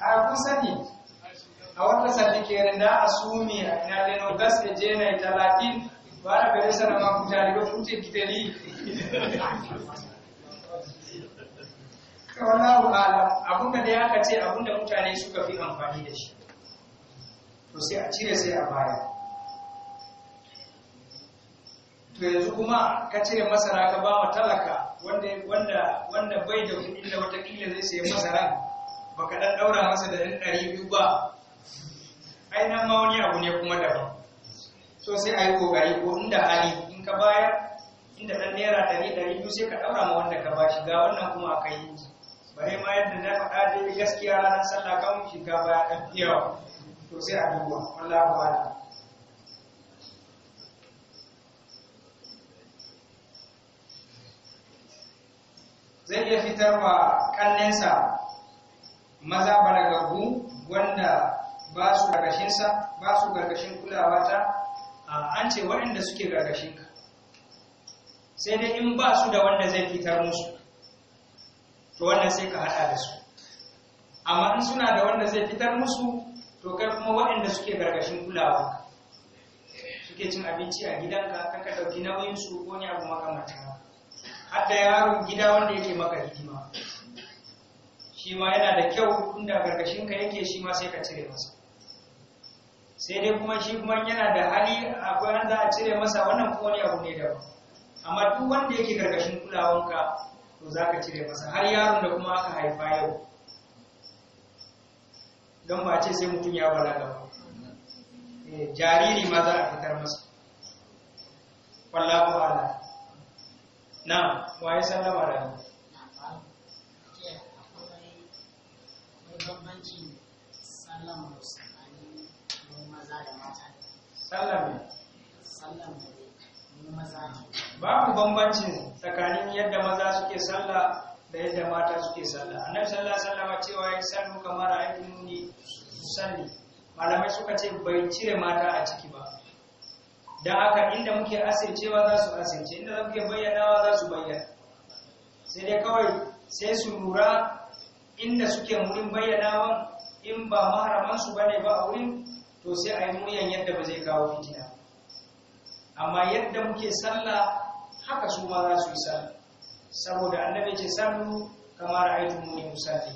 a kun sani a wata sani ke rinda a sumi a ina leno gas da je na talatin ba na gare sana ma tare ba kuce gidari to Allahu alam abunda da ya kace da mutane suka fi amfani da shi to sai a cire sai a baya to yanzu kuma ka cire masara ka ba talaka wanda wanda wanda bai da kuɗin da watakila zai sayi masara baka dan daura masa da ɗari biyu ba ai nan ma wani abu ne kuma daban so sai a yi kokari ko inda hali in ka bayar inda ɗan naira ɗari ɗari biyu sai ka ɗaura ma wanda ka ba shi ga wannan kuma a kai bari ma yadda na faɗa dai gaskiya ranar sallah kan shinkafa ya ɗan yawa to sai a duba Allah ba da zai iya fitar wa ƙannensa maza balagaggu wanda ba su gargashinsa ba su gargashin kulawa ta an ce waɗanda suke gargashinka sai dai in ba su da wanda zai fitar musu to wannan sai ka haɗa da su amma in suna da wanda zai fitar musu to kai kuma waɗanda suke gargashin kulawa suke cin abinci a gidanka kan ka ɗauki nauyin su ko ne abu makamata har da yaron gida wanda yake maka hidima shi ma yana da kyau inda gargashin ka yake shi ma sai ka cire masa sai dai kuma shi kuma yana da hali akwai wanda a cire masa wannan ko ne abu ne daban amma duk wanda yake gargashin kulawanka to za ka cire masa har yaron da kuma aka haifa yau don ba ce sai mutum ya balaga ba eh, jariri ma za a fitar masa wallahu ala na waye sallama da ni sallam sallam babu bambancin tsakanin yadda maza suke sallah da yadda mata suke sallah annabi sallallahu alaihi wasallam cewa ya sallu kamar ni musalli. malamai suka ce bai cire mata a ciki ba dan haka inda muke asircewa za su asirce inda za muke bayyanawa za su bayyana sai dai kawai sai su lura inda suke murin bayyanawa in ba maharamansu ne ba a wurin to sai a yi muryan yadda ba zai kawo fitina amma yadda muke sallah haka su ma za su yi sallah saboda annabi ce sallu kama ra'aytu muni musalli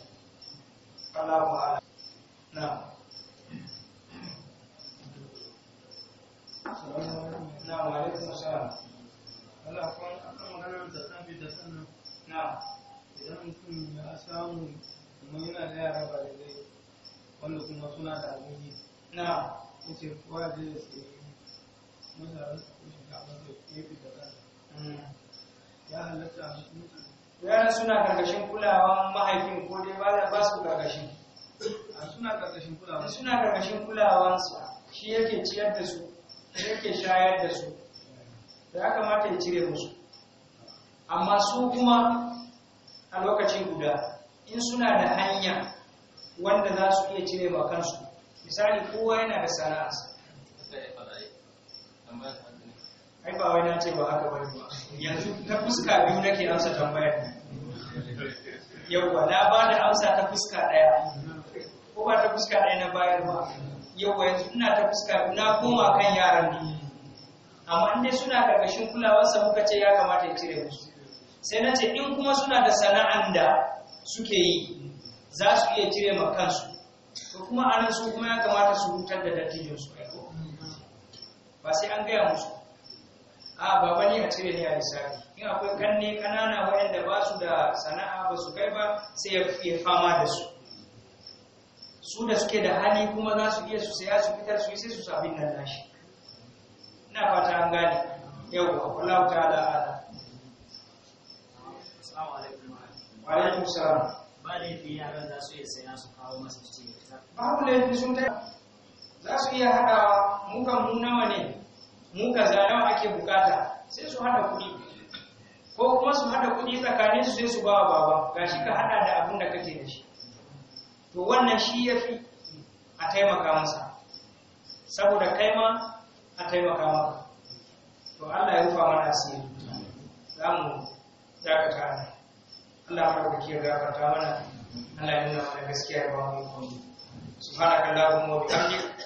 Allahu a'lam na'am na'am wa alaikum assalam Allah kun akan maganar da tsabi da sannan na'am idan mutum ya samu kuma yana da yara ba da wanda kuma suna da abin Na na'am yace kowa zai yi yara suna karkashin kulawan mahaifin ko dai ba ba su karkashin suna karkashin kulawan suna karkashin kulawan sa shi yake ciyar da su yake shayar da su da ya kamata ya cire musu amma su kuma a lokaci guda in suna da hanya wanda za su iya cire ba kansu misali kowa yana da sana'arsa ai ba wai na ce ba haka bari ba yanzu ta fuska biyu nake amsa tambayar yauwa na ba da amsa ta fuska ɗaya ko ba ta fuska ɗaya na bayar ba yauwa yanzu ina ta fuska na koma kan yaran ne amma in dai suna ƙarƙashin kulawarsa muka ce ya kamata ya cire musu sai na ce in kuma suna da sana'an da suke yi za su iya cire ma kansu to kuma anan su kuma ya kamata su hutar da dattijinsu ba sai an gaya musu a baba ne a cire ne a lissafi in akwai kanne kanana waɗanda ba su da sana'a ba su kai ba sai ya fama da su su da suke da hali kuma za su iya su saya su fitar su yi sai su sabin nan nashi ina fata an gane yau a kula ta da ala Babu laifin sun ta za su iya haɗawa muka mu nawa ne muka nawa ake bukata sai su haɗa kuɗi ko kuma su haɗa kuɗi tsakanin su sai su ba wa baba shi ka haɗa da abin da kake da shi to wannan shi ya fi a taimaka masa saboda kai ma a taimaka maka to Allah ya rufa mana asiri za mu dakata ana Allah farkaki kiyar dakata mana Allah ya nuna mana gaskiya ba mu yi kwanu subhanakallahumma wa bihamdika